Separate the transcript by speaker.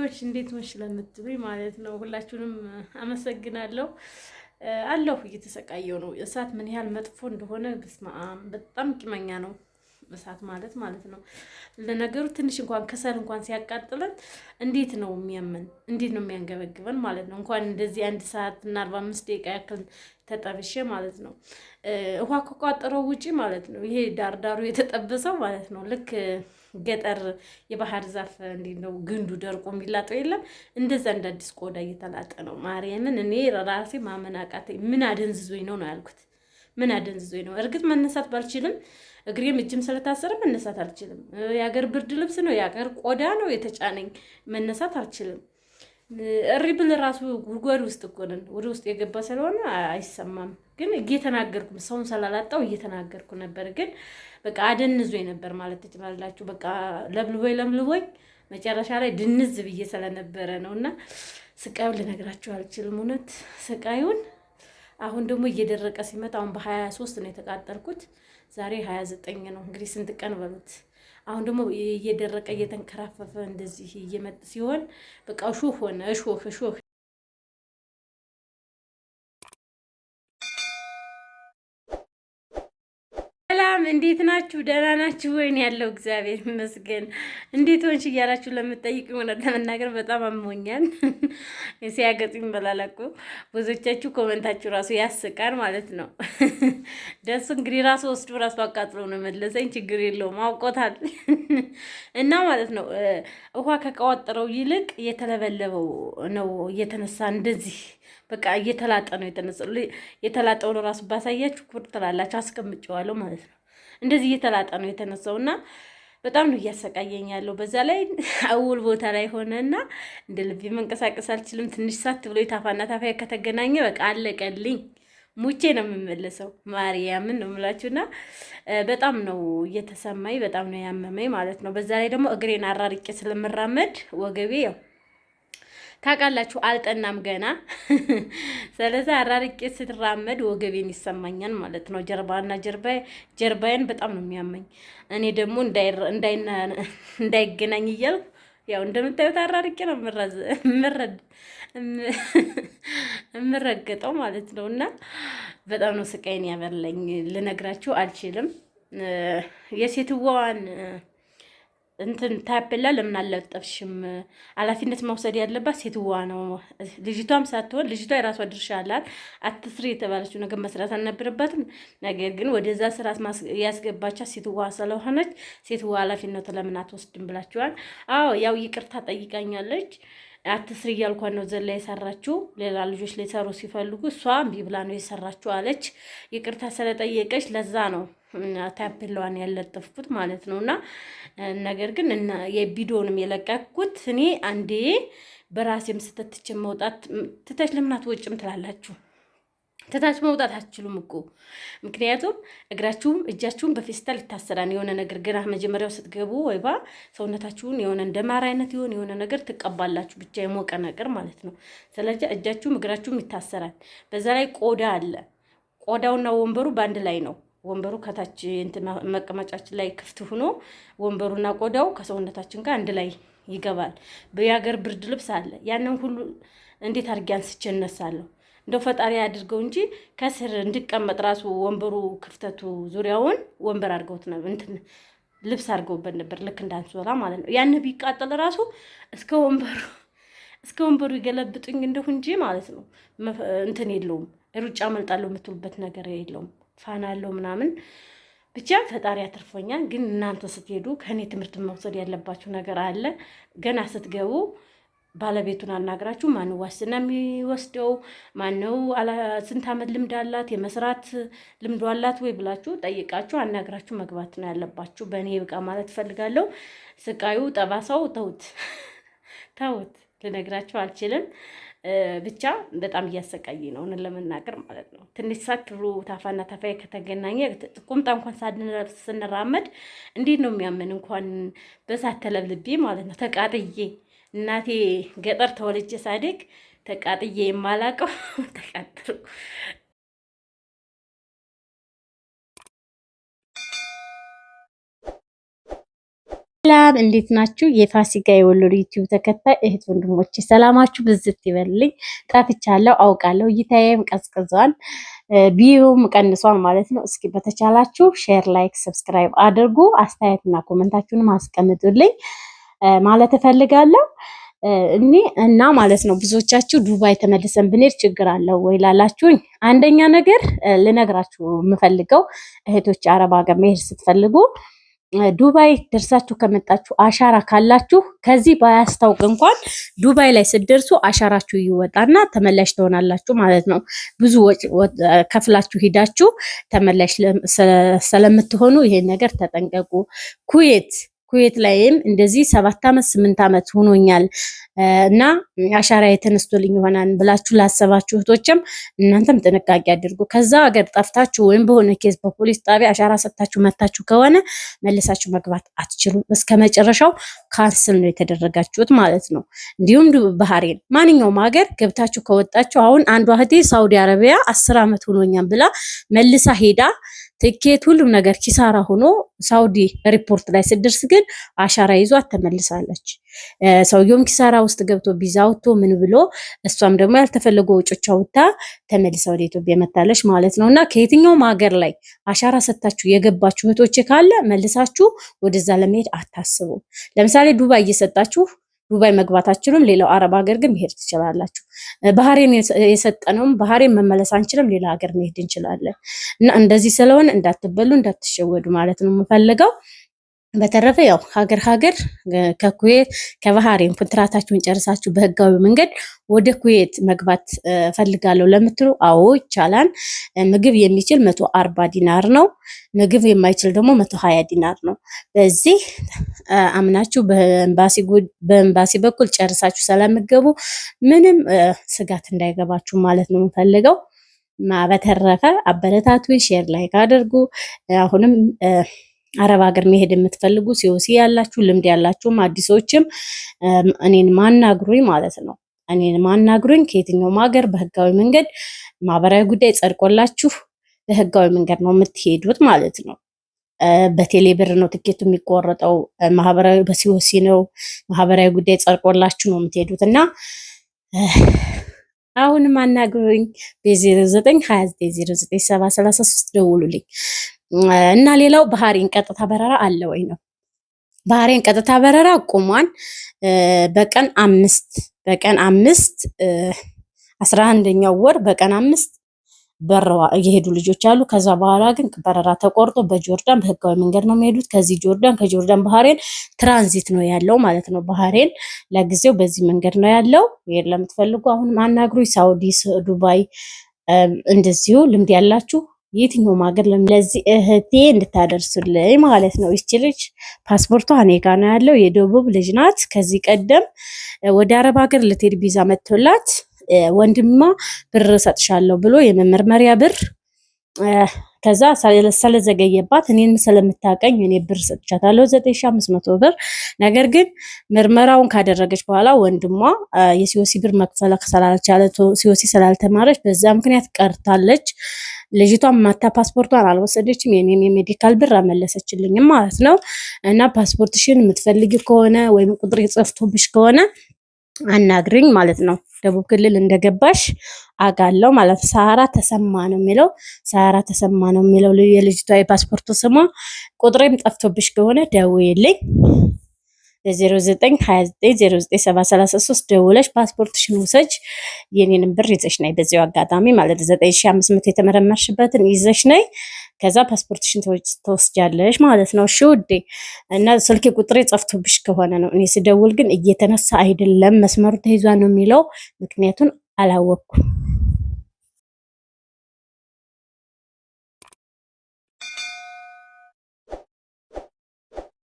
Speaker 1: ሺዎች እንዴት መች ስለምትሉኝ ማለት ነው ሁላችሁንም አመሰግናለሁ። አለሁ እየተሰቃየው ነው። እሳት ምን ያህል መጥፎ እንደሆነ በስመ አብ በጣም ቂመኛ ነው እሳት ማለት ማለት ነው። ለነገሩ ትንሽ እንኳን ከሰል እንኳን ሲያቃጥለን እንዴት ነው የሚያመን እንዴት ነው የሚያንገበግበን ማለት ነው። እንኳን እንደዚህ አንድ ሰዓት እና አርባ አምስት ደቂቃ ያክል ተጠብሼ ማለት ነው ውሃ ከቋጠረው ውጪ ማለት ነው። ይሄ ዳርዳሩ የተጠበሰው ማለት ነው ልክ ገጠር የባህር ዛፍ እንዴት ነው ግንዱ ደርቆ የሚላጠው የለም? እንደዛ እንደ አዲስ ቆዳ እየተላጠ ነው። ማርያምን እኔ ራሴ ማመን አቃተኝ። ምን አደንዝዞኝ ነው ነው ያልኩት። ምን አደንዝዞኝ ነው? እርግጥ መነሳት ባልችልም እግሬም እጅም ስለታሰረ መነሳት አልችልም። የአገር ብርድ ልብስ ነው የአገር ቆዳ ነው የተጫነኝ። መነሳት አልችልም። እሪ ብል ራሱ ጉድጓድ ውስጥ እኮ ነን። ወደ ውስጥ የገባ ስለሆነ አይሰማም። ግን እየተናገርኩም ሰውን ስላላጣው እየተናገርኩ ነበር። ግን በቃ አደንዞ ነበር ማለት ትችላላችሁ። በቃ ለምልቦኝ ለምልቦኝ መጨረሻ ላይ ድንዝ ብዬ ስለነበረ ነው። እና ስቃዩን ልነግራችሁ አልችልም። እውነት ስቃዩን አሁን ደግሞ እየደረቀ ሲመጣ አሁን በሀያ ሶስት ነው የተቃጠልኩት። ዛሬ ሀያ ዘጠኝ ነው እንግዲህ ስንት ቀን በሉት አሁን ደግሞ እየደረቀ እየተንከራፈፈ እንደዚህ እየመጥ ሲሆን በቃ እሾህ ሆነ እሾህ እሾህ እንዴት ናችሁ? ደህና ናችሁ ወይ? ያለው እግዚአብሔር ይመስገን። እንዴት ሆንሽ እያላችሁ ለምጠይቅ ሆነ ለመናገር በጣም አሞኛል። ሲያገጡኝ በላላቁ ብዙዎቻችሁ ኮመንታችሁ ራሱ ያስቃል ማለት ነው። ደሱ እንግዲህ ራሱ ወስዶ ራሱ አቃጥሎ ነው መለሰኝ። ችግር የለውም አውቆታል። እና ማለት ነው ውሃ ከቀዋጠረው ይልቅ የተለበለበው ነው እየተነሳ እንደዚህ በቃ እየተላጠ ነው የተነሳው። የተላጠውን ራሱ ባሳያችሁ ኩር ትላላችሁ። አስቀምጨዋለሁ ማለት ነው። እንደዚህ እየተላጠ ነው የተነሳው እና በጣም ነው እያሰቃየኝ ያለው። በዛ ላይ አውል ቦታ ላይ ሆነና እንደ ልቤ መንቀሳቀስ አልችልም። ትንሽ ሳት ብሎ የታፋና ታፋ ከተገናኘ በቃ አለቀልኝ። ሙቼ ነው የምመለሰው። ማርያምን ነው ምላችሁና በጣም ነው እየተሰማኝ፣ በጣም ነው ያመመኝ ማለት ነው። በዛ ላይ ደግሞ እግሬን አራርቄ ስለምራመድ ወገቤ ያው ታውቃላችሁ፣ አልጠናም ገና። ስለዚ አራርቄ ስትራመድ ወገቤን ይሰማኛል ማለት ነው። ጀርባና ጀርባዬን በጣም ነው የሚያመኝ። እኔ ደግሞ እንዳይገናኝ እያልኩ ያው እንደምታዩት አራርቄ ነው የምረገጠው ማለት ነው። እና በጣም ነው ስቃይን ያበላኝ፣ ልነግራችሁ አልችልም የሴትዋዋን እንትን ታፔላ ለምን አላጠፍሽም? ኃላፊነት መውሰድ ያለባት ሴትዋ ነው፣ ልጅቷም ሳትሆን ልጅቷ የራሷ ድርሻ አላት። አትስሪ የተባለችው ነገር መስራት አልነበረባትም። ነገር ግን ወደዛ ስራ ያስገባቻት ሴትዋ ስለሆነች ሴትዋ ኃላፊነቱ ለምን አትወስድም ብላችኋል። አዎ ያው ይቅርታ ጠይቃኛለች። አትስሪ እያልኳን ነው ዘላ የሰራችው። ሌላ ልጆች ሊሰሩ ሲፈልጉ እሷ እምቢ ብላ ነው የሰራችው አለች። ይቅርታ ስለጠየቀች ለዛ ነው ታፔላዋን ያለጠፍኩት ማለት ነው። እና ነገር ግን የቪዲዮንም የለቀኩት እኔ አንዴ በራሴም ስተትችን መውጣት ትተች ለምናት ወጭም ትላላችሁ ትታች መውጣት አትችሉም እኮ ምክንያቱም እግራችሁም እጃችሁም በፌስታል ይታሰራል። የሆነ ነገር ግራ መጀመሪያው ስትገቡ ወይባ ሰውነታችሁን የሆነ እንደማር አይነት የሆን የሆነ ነገር ትቀባላችሁ፣ ብቻ የሞቀ ነገር ማለት ነው። ስለዚ እጃችሁም እግራችሁም ይታሰራል። በዛ ላይ ቆዳ አለ። ቆዳውና ወንበሩ በአንድ ላይ ነው። ወንበሩ ከታች መቀመጫችን ላይ ክፍት ሆኖ ወንበሩና ቆዳው ከሰውነታችን ጋር አንድ ላይ ይገባል። የሀገር ብርድ ልብስ አለ። ያንን ሁሉ እንዴት አድርጌ አንስቼ እነሳለሁ? እንደው ፈጣሪ አድርገው እንጂ ከስር እንድቀመጥ ራሱ ወንበሩ ክፍተቱ ዙሪያውን ወንበር አድርገውት ነው እንትን ልብስ አድርገውበት ነበር፣ ልክ እንዳንሶላ ማለት ነው። ያን ቢቃጠል ራሱ እስከ ወንበሩ እስከ ወንበሩ ይገለብጡኝ እንደሁ እንጂ ማለት ነው። እንትን የለውም ሩጫ መልጣለሁ የምትሉበት ነገር የለውም። ፋና አለው ምናምን ብቻ ፈጣሪ አትርፎኛል። ግን እናንተ ስትሄዱ ከእኔ ትምህርት መውሰድ ያለባችሁ ነገር አለ። ገና ስትገቡ ባለቤቱን አናግራችሁ ማን ዋስትና የሚወስደው ማነው፣ ስንት ዓመት ልምድ አላት፣ የመስራት ልምዱ አላት ወይ ብላችሁ ጠይቃችሁ አናግራችሁ መግባት ነው ያለባችሁ። በእኔ ይብቃ ማለት እፈልጋለሁ። ስቃዩ ጠባሳው ተውት፣ ተውት፣ ልነግራችሁ አልችልም። ብቻ በጣም እያሰቃየ ነው እውነት ለመናገር ማለት ነው። ትንሽ ሳት ታፋና ታፋ ከተገናኘ ቁምጣ እንኳን ሳንለብስ ስንራመድ እንዴት ነው የሚያምን? እንኳን በሳት ተለብልቤ ማለት ነው ተቃጥዬ እናቴ ገጠር ተወልጄ ሳድግ ተቃጥዬ የማላቀው ተቃጥሩ ሰላም እንዴት ናችሁ? የፋሲካ የወለዱ ዩቲዩብ ተከታይ እህት ወንድሞች ሰላማችሁ ብዝት ይበልልኝ። ጠፍቻለሁ አውቃለሁ። እይታዬም ቀዝቅዟል፣ ቢዩም ቀንሷል ማለት ነው። እስኪ በተቻላችሁ ሼር፣ ላይክ፣ ሰብስክራይብ አድርጉ። አስተያየትና ኮመንታችሁንም አስቀምጡልኝ ማለት እፈልጋለሁ። እኔ እና ማለት ነው ብዙዎቻችሁ ዱባይ ተመልሰን ብንሄድ ችግር አለው ወይ ላላችሁኝ፣ አንደኛ ነገር ልነግራችሁ የምፈልገው እህቶች አረብ ሀገር መሄድ ስትፈልጉ ዱባይ ደርሳችሁ ከመጣችሁ አሻራ ካላችሁ ከዚህ ባያስታውቅ እንኳን ዱባይ ላይ ስትደርሱ አሻራችሁ ይወጣና ተመላሽ ትሆናላችሁ ማለት ነው። ብዙ ከፍላችሁ ሂዳችሁ ተመላሽ ስለምትሆኑ ይሄን ነገር ተጠንቀቁ። ኩዌት ኩዌት ላይም እንደዚህ ሰባት ዓመት ስምንት ዓመት ሆኖኛል እና አሻራ የተነስቶልኝ ይሆናል ብላችሁ ላሰባችሁ እህቶችም እናንተም ጥንቃቄ አድርጉ። ከዛ ሀገር ጠፍታችሁ ወይም በሆነ ኬዝ በፖሊስ ጣቢያ አሻራ ሰጥታችሁ መታችሁ ከሆነ መልሳችሁ መግባት አትችሉም። እስከ መጨረሻው ካንስል ነው የተደረጋችሁት ማለት ነው። እንዲሁም ባህሬን፣ ማንኛውም ሀገር ገብታችሁ ከወጣችሁ አሁን አንዷ እህቴ ሳውዲ አረቢያ አስር ዓመት ሆኖኛል ብላ መልሳ ሄዳ ትኬት፣ ሁሉም ነገር ኪሳራ ሆኖ ሳውዲ ሪፖርት ላይ ስደርስ ግን አሻራ ይዞ ተመልሳለች። ሰውየውም ኪሳራ ውስጥ ገብቶ ቢዛ አውጥቶ ምን ብሎ እሷም ደግሞ ያልተፈለጉ ወጮች አውጥታ ተመልሳ ወደ ኢትዮጵያ መታለች ማለት ነው። እና ከየትኛውም ሀገር ላይ አሻራ ሰታችሁ የገባችሁ እህቶቼ ካለ መልሳችሁ ወደዛ ለመሄድ አታስቡ። ለምሳሌ ዱባይ እየሰጣችሁ ዱባይ መግባት አችሉም። ሌላው አረብ ሀገር ግን መሄድ ትችላላችሁ። ባህሬን የሰጠነውም ባህሬን መመለስ አንችልም፣ ሌላ ሀገር መሄድ እንችላለን እና እንደዚህ ስለሆነ እንዳትበሉ እንዳትሸወዱ ማለት ነው የምፈልገው። በተረፈ ያው ሀገር ሀገር ከኩዌት ከባህሬን ኮንትራታችሁን ጨርሳችሁ በህጋዊ መንገድ ወደ ኩዌት መግባት ፈልጋለሁ ለምትሉ አዎ ይቻላል። ምግብ የሚችል መቶ አርባ ዲናር ነው። ምግብ የማይችል ደግሞ መቶ ሀያ ዲናር ነው። በዚህ አምናችሁ በኤምባሲ በኩል ጨርሳችሁ ስለምገቡ ምንም ስጋት እንዳይገባችሁ ማለት ነው የምፈልገው። በተረፈ አበረታቱ፣ ሼር ላይክ አድርጉ። አሁንም አረብ ሀገር መሄድ የምትፈልጉ ሲኦሲ ያላችሁ ልምድ ያላችሁም አዲሶችም እኔን ማናግሩኝ ማለት ነው። እኔን ማናግሩኝ ከየትኛውም ሀገር በህጋዊ መንገድ ማህበራዊ ጉዳይ ጸድቆላችሁ በህጋዊ መንገድ ነው የምትሄዱት ማለት ነው። በቴሌ ብር ነው ትኬቱ የሚቆረጠው። ማህበራዊ በሲኦሲ ነው ማህበራዊ ጉዳይ ጸድቆላችሁ ነው የምትሄዱት እና አሁንም አናግሩኝ በ09 29 ደውሉልኝ። እና ሌላው ባህሬን ቀጥታ በረራ አለ ወይ ነው። ባህሬን ቀጥታ በረራ ቁሟን በቀን አምስት በቀን አምስት አስራ አንደኛው ወር በቀን አምስት በረዋ እየሄዱ ልጆች አሉ። ከዛ በኋላ ግን በረራ ተቆርጦ በጆርዳን በህጋዊ መንገድ ነው የሚሄዱት። ከዚህ ጆርዳን ከጆርዳን ባህሬን ትራንዚት ነው ያለው ማለት ነው። ባህሬን ለጊዜው በዚህ መንገድ ነው ያለው። ይሄን ለምትፈልጉ አሁንም አናግሩኝ። ሳውዲ፣ ዱባይ እንደዚሁ ልምድ ያላችሁ የትኛውም ሀገር ለዚህ እህቴ እንድታደርሱልኝ ማለት ነው። ይቺ ልጅ ፓስፖርቷ እኔ ጋ ነው ያለው። የደቡብ ልጅ ናት። ከዚህ ቀደም ወደ አረብ ሀገር ልትሄድ ቪዛ መጥቶላት ወንድማ ብር ሰጥሻለሁ ብሎ የመመርመሪያ ብር ከዛ ስለዘገየባት እኔን ስለምታቀኝ እኔ ብር ሰጥቻታለሁ ዘጠኝ ሺህ አምስት መቶ ብር። ነገር ግን ምርመራውን ካደረገች በኋላ ወንድሟ የሲኦሲ ብር መክፈል ስላልቻለ ሲኦሲ ስላልተማረች በዛ ምክንያት ቀርታለች። ልጅቷን ማታ ፓስፖርቷን አልወሰደችም። የኔን የሜዲካል ብር አመለሰችልኝም ማለት ነው። እና ፓስፖርትሽን የምትፈልጊ ከሆነ ወይም ቁጥር የጸፍቶብሽ ከሆነ አናግርኝ ማለት ነው። ደቡብ ክልል እንደገባሽ አጋለው ማለት ሳራ ተሰማ ነው የሚለው ሳራ ተሰማ ነው የሚለው የልጅቷ የፓስፖርቱ ስሟ። ቁጥሬም ጠፍቶብሽ ከሆነ ደውዪልኝ። 09290973 ደውለሽ ፓስፖርትሽን ውሰጅ። የኔንም ብር ይዘሽ ነይ። በዚው አጋጣሚ ማለት 9500 የተመረመርሽበትን ይዘሽ ነይ። ከዛ ፓስፖርትሽን ተወስጃለሽ ማለት ነው። እሺ ውዴ። እና ስልክ ቁጥሬ ጸፍቶብሽ ከሆነ ነው። እኔ ስደውል ግን እየተነሳ አይደለም፣ መስመሩ ተይዟ ነው የሚለው። ምክንያቱን አላወቅኩም።